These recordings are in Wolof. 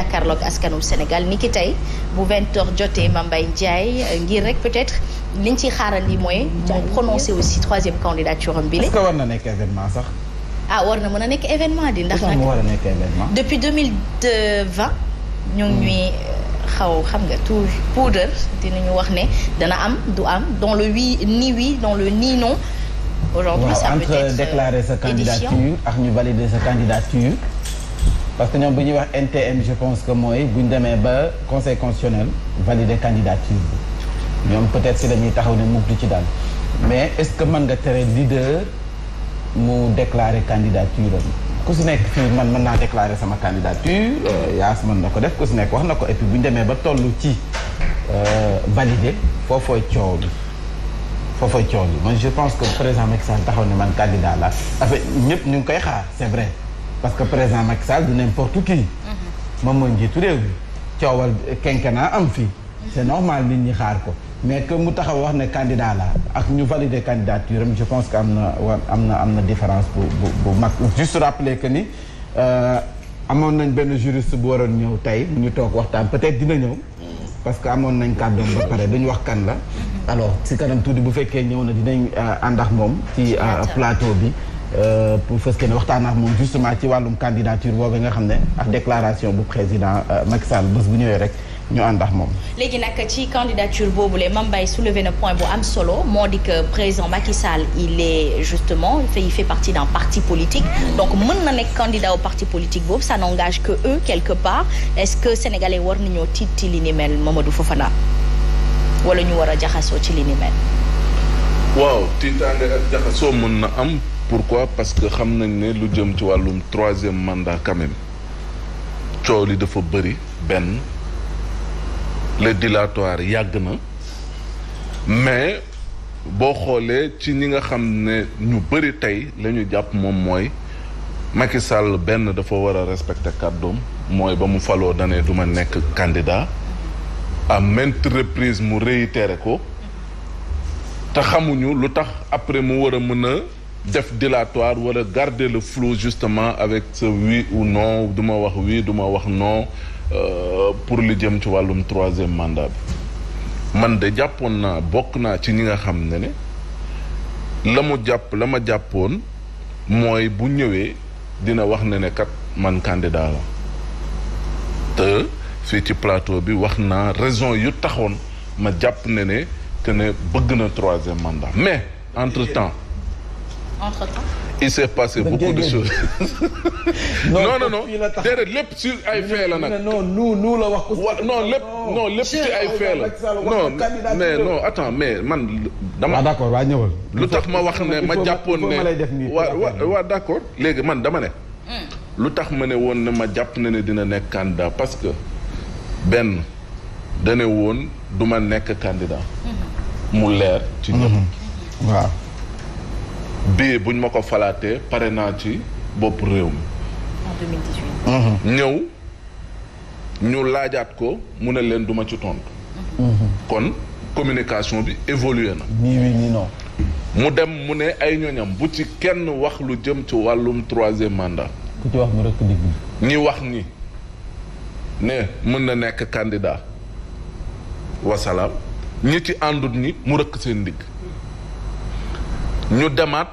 jàkkaarloog askanu Sénégal Nikitaï, tay bu 20h joté Mambay ngir rek peut-être liñ ci xaarandi ont prononcer prononcé aussi troisième candidature en bi est-ce que war na événement sax. ah war a événement di ndax. nak a événement. depuis 2020 ñong ñuy euh, xaw xam nga tout poudre dinañu wax né dana am du am dans le oui ni oui dans le ni non. aujourd'hui ça peut être déclarer sa euh, candidature ak ñu valider sa candidature parce que nous avons ñuy wax NTM je pense que moi, bu ñu ba conseil constitutionnel valider candidature Mais peut-être que la ñuy taxaw ne mukk du ci mais est-ce que mën nga tere leader mu déclarer candidature Parce ku si je suis man mën déclarer sama candidature euh, yaas suis na ko def ku si wax et puis bu ñu demee ba toll ci euh, valider foofooy coow faut faire coow li man je pense que président Macky Sall taxaw man candidat la en fait ñëpp ñu ngi c'est vrai parce que président nag Sall du n'importe qui. Mhm. moom mooy njiitu réew bi coowal quinquennat am fii. c'est normal nit ñi xaar ko mais que mu taxaw wax ne candidat la ak ñu valider candidature am je pense que am na wa am na am na différence bu bu bu mag. juste rappeler que ni euh, amoon nañ benn juriste bu waroon ñëw tey mu ñu toog waxtaan peut-être dina ñëw. parce que amoon nañ kàddoom ba pare duñu wax kan la. Mhm. alors si kanam tuuti bu fekkee ñëw na dinañ euh, ànd ak moom. ci euh, plateau bi. Euh, pour faire ce que ak moom justement ci walum candidature bobu nga xamné ak déclaration bu président euh, Macky Sall bëss bu ñëwé rek ñu ànd ak moom. léegi ci candidature boobule Mame Mbaye soulevé na point bu am solo moo dit que président Macky Sall il est justement il fait partie d'un parti politique donc mën na nekk candidat au parti politique bobu ça n'engage que eux quelque part est-ce que sénégalais war ñu tiit mel Mamadou Fofana wala ñu wara a ci li ni mel. waaw tiitaange ak que mën na am. pourquoi parce que xam nañ ne lu jëm ci wàllum troisième mandat quand même coow li dafa bëri benn le dilatoire yàgg na mais boo xoolee ci ñi nga xam ne ñu bëri tey la ñu jàpp moom mooy Macky Sall benn dafa war a respecter kàddoom mooy ba mu faloo dane du ma nekk candidat à maintes reprises mu réitéré ko te xamuñu lu tax après mu war a mën a def faut wala garder le flou justement avec ce oui ou non duma wax oui duma wax non euh, pour li jëm ci le troisième mandat man de japon ci nga dina kat candidat te ci bi wax raison troisième mandat mais entre temps il s'est passé ben, beaucoup de choses. non non non sur non nous nous la non non non mais non attends mais man. Ah, d'accord ma wax ma wa wa d'accord man dama lu tax ma ma candidat parce que Ben candidat. Hmm. Hmm. bii buñ ma ko falaatee pare naa ci bopp réew mi. Mhm. ñëw ñu laajaat ko mu ne leen duma ci tontu. Mhm. kon communication bi évolué na. mu dem mu ne ay ñoñam bu ci kenn wax lu jëm ci wàllum troisième mandat. ku ci wax mu rek digg ñi wax ñi ne mën na nekk candidat wasalaam ñi ci àndut ni mu rëkk seen digg Nous demaat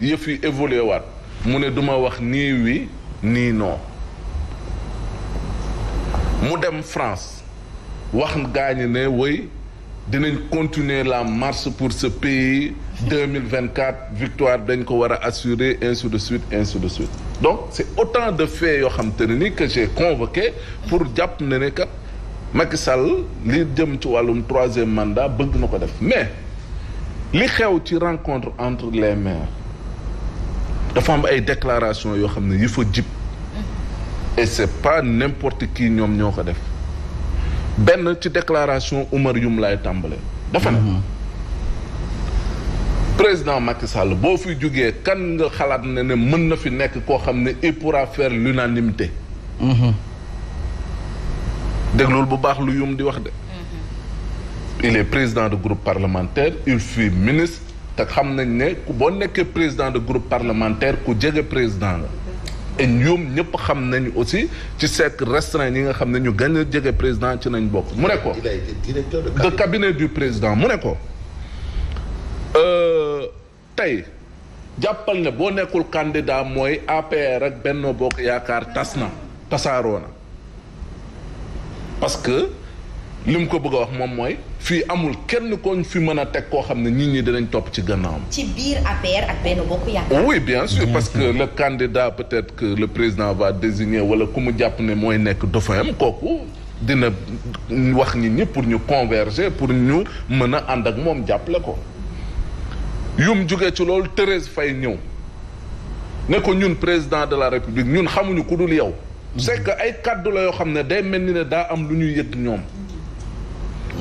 il faut évoluer. waat ne duma wax oui ni non Nous, dem France wax gagné, oui, nous allons continuer la marche pour ce pays 2024 victoire de ko assurée, a ainsi de suite ainsi de suite donc c'est autant de faits que j'ai convoqués pour dire ne ne Macky li dem ci troisième mandat mais li xew ci rencontre entre les maires dafa am ay déclaration yoo xam ne et c'est pas n'importe qui ñoom ñoo ko def benn ci déclaration Oumar Youm lay tàmbale dafa ne mhm. président Macky Sall boo fi du kan nga xalaat ne ne mën na fi nekk koo xam ne il pourra faire l'unanimité mhm. déglul bu baax lu Youm di wax de il est président du groupe parlementaire il fut ministre il président de groupe parlementaire le président et nous, nous aussi ci restreint nous président ci nañ le de cabinet du président mu ko euh, le candidat APR Benno Bokk parce que ce ko fii amul kenn koñ fi mën tek ko xamne nit ñi dinañ top ci gannaam ci biir APR ak benn Bokk Yaakaar. oui bien sûr parce que le candidat peut-être que le président va désigner wala ku mu jàpp ne moy nek dauphin koku dina wax nit ñi pour ñu converger pour ñu mën and ak mom japp jàppale ko. yum jógee ci lool Thérèse Faye ñew ne ko ñun président de la république ñun xamuñu ku dul yow. c'est que ay kaddu la yo xamne day mel ni ne am lu ñuy yëg ñoom.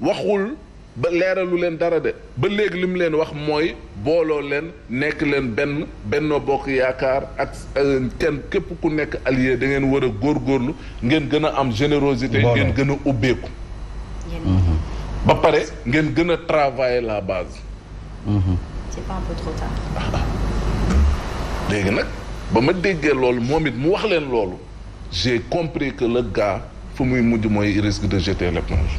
waxul ba leeralu leen dara de ba léegi li mu leen wax mooy booloo leen nekk leen benn Benno Bokk Yaakaar ak euh, kenn képp ku nekk allié da ngeen war a góorgóorlu ngeen gën a am générosité ngeen gën a ubbeeku ba pare ngeen gën a travailler la baase mhm. c'est pas ah, ah. léegi nag ba ma déggee loolu moom it mu wax leen loolu j'ai compris que le gars fu muy mujj mooy risque de jeter l'éponge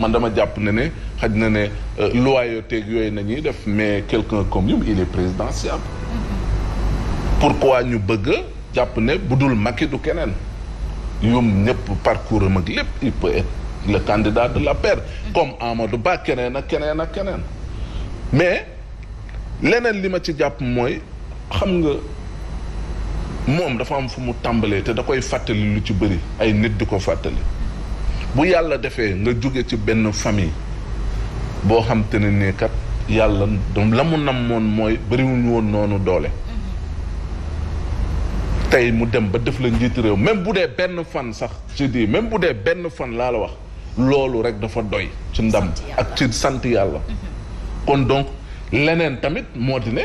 man dama japp ne ne xaj ne euh, loyauté yoy nañi def mais quelqu'un comme lui il est présidentiable pourquoi ñu bëgg japp ne budul maké du kenen ñom ñep parcours am ak lépp il peut être le candidat de la paire comme Amadou Ba keneen ak keneen ak mais leneen li ma ci japp moy xam nga mom dafa am fu mu tambalé té da koy fatali lu ci bëri ay nit ko bu yàlla defee nga jóge ci benn famille boo xam te ne nii kat yàlla la mu nam moon mooy bëriwuñu woon noonu doole tey mu dem ba def la njiitu réew même bu dee benn fan sax ci dis même bu dee benn fan laa la wax loolu rek dafa doy ci ndam ak ci sant yàlla kon donc leneen tamit moo di ne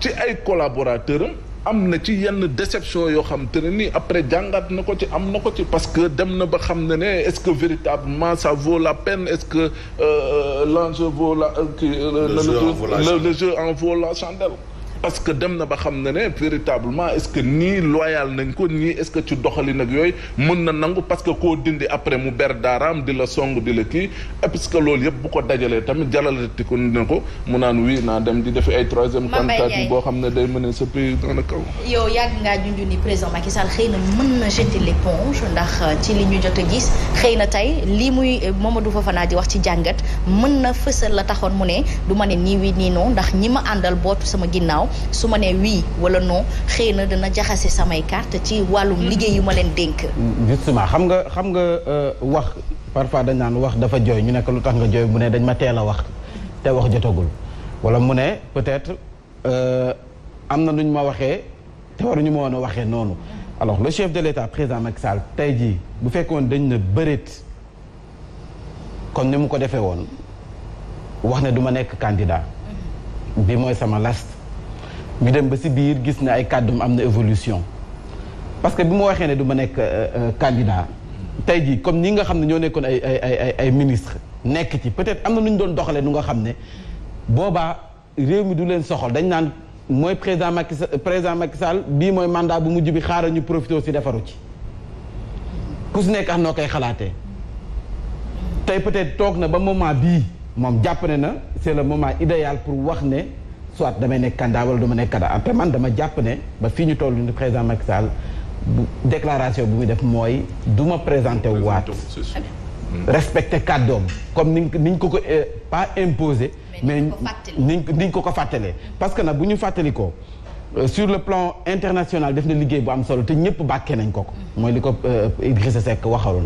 ci ay collaborateur am am na ci yenn déception yoo xam te ne nii après jàngat na ko ci am na ko ci parce que dem na ba xam ne ne est-ce que véritablement ça vaut la peine est-ce que euh, euh, l'ange euh, vaut la le jeu en vaut la chandelle parce que dem na ba xam ne ne véritablement est-ce que ni loyal nañ ko ni est-ce que ci doxali nak yoy mën na nangu parce que ko dindi après mu ber daram di la song di la ki parce que lool yeb bu ko dajalee tamit jalalati ko ne ko mu naan wii naa dem di def ay troisième candidature boo xam ne day mën ce sa pays dans le kaw. yow yag nga junj ni président Macky Sall xeyna mën na jeter l'éponge ndax euh, ci li ñu jot gis xeyna tay li muy euh, Mamadou Fofana di wax ci jàngat mën na fësal la taxone mu ne du ma ne nii wii nii non ndax ñima andal bot sama ginnaw su ma nee wii wala non xëy na dana jaxase samay carte ci wàllum mm-hmm. liggéey yu ma leen dénk. justement xam nga xam nga euh, wax parfois dañ naan wax dafa jooy ñu nekk lu tax nga jooy mu ne dañ ma teel a wax te wax jotagul wala mu ne peut-être euh, am na nuñ ma waxee te waruñu ma woon a waxee noonu. alors le chef de l'État président mag Sall tey jii bu fekkoon dañ na bëreet comme ni mu ko defee woon wax ne du ma nekk candidat mm-hmm. bi mooy sama last bi dem ba si biir gis na ay am na évolution parce que ne du euh, euh, candidat comme ñi nga xam ne ay ministre nekk ci peut-être am na nu ñu doon doxalee nu nga xam ne boobaa mi du président Macky président Macky Sall mandat bu mujj bi xaaral aussi ci peut-être na ba moment c'est le moment idéal pour wax soit damay nekk candidat wala du ma nekk après man dama japp ne ba fiñu ñu ni président Macky Sall déclaration bu muy def moy duma ma wat waat mm. respecté kàddoom comme niñ niñ ko ko euh, pas imposé mais niñ niñ ko ko fàttalee mm. parce que nag buñu ñu ko euh, sur le plan international def na liguey bu am solo te ñepp bàkkee nañ ko moy mm-hmm. liko euh, Idrissa Seck waxaloon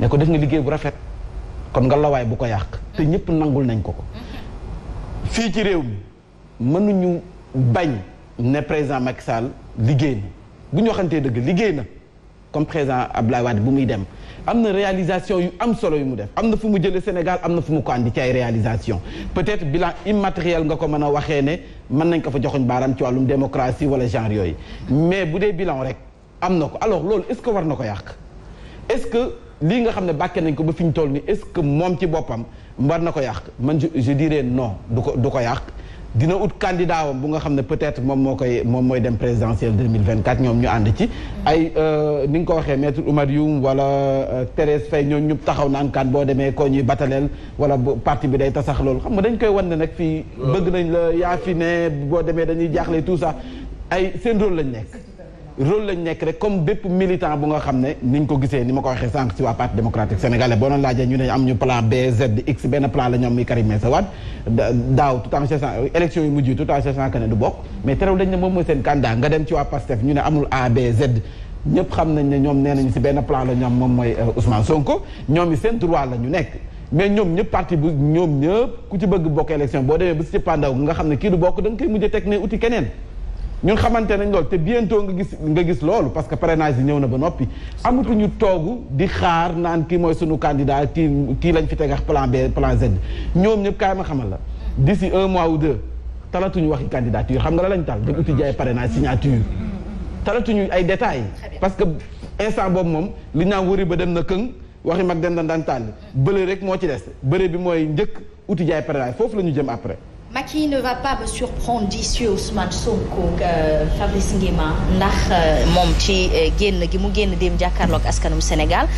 mm-hmm. ne ko def na liguey bu rafet kon nga lawaay bu ko yak te mm-hmm. ñepp nangul nañ ko fi ci réew mënuñu bañ ne président Macky Sall liggéey na bu ñu waxantee dëgg liggéey na comme président Abdoulaye Wade bu muy dem am na réalisation yu am solo yu mu def am na fu mu jëlee Sénégal am na fu mu ko andi ci ay réalisation peut-être bilan immatériel nga ko mën a waxee ne mën nañ ko fa joxuñ baaraam ci wàllum démocratie wala genre yooyu mais bu dee bilan rek am na ko alors loolu est-ce que war na ko yàq est-ce que lii nga xam ne bàkke nañ ko ba fi ñu toll nii est-ce que moom ci boppam war na ko yàq man je dirais non du ko du ko yàq dina ut candidat bu nga xam ne peut-être moom moo koy moom mooy dem présidentielle 2024 ñoom ñu ànd ci. ay euh, ni nga ko waxee maître Oumar Youm wala euh, Thérèse Faye ñoom ñu taxaw naan boo demee koo ñuy bataleel wala parti bi day sax loolu xam nga dañ koy wan na nag fii. bëgg nañ la yaa fi ne boo demee dañuy jaaxle tout sax ay seen rôle lañ nekk. rôle lañ nekk rek comme bépp militant bu nga xam ne ni ñu ko gisee ni ma ko waxee sànq si waa parti démocratique sénégalais boo doon laajee ñu ne am ñu plan B Z X benn plan la ñoom muy mooy seen candidat nañ ne ñoom nee nañu la ñoom moom mooy euh, Ousmane Sonko ñoom i la ñu nekk mais ñoom ñëpp parti bu ñoom ñëpp ku ci bëgg bokk élection boo demee ba si ci pandaw nga xam ne kii du bokk da koy mujj teg ne uti keneen ñun xamante nañ loolu te bientôt nga gis nga gis loolu parce que parrainage yi ñëw na ba noppi amatuñu toogu di xaar naan ki mooy suñu candidat kii lañ fi tegax plan B plan Z ñoom ñëpp kaay ma xamal la d'ici un mois ou deux talatuñu waxi candidature xam nga la lañ tal dem uti jaay parrainage signature talatuñu ay détails parce que instant boobu moom li ñaa wëri ba dem na këng waxi mag den dan daan tàll bële rek moo ci des bëre bi mooy njëkk uti jaay parrainage foofu la ñu jëm après Macky ne va pas me surprendre d'ici Ousmane Sonko ak euh, Fabrice Nguema ndax euh, moom ci euh, génn gi mu génn dem jàkkaarloog askanum Sénégal.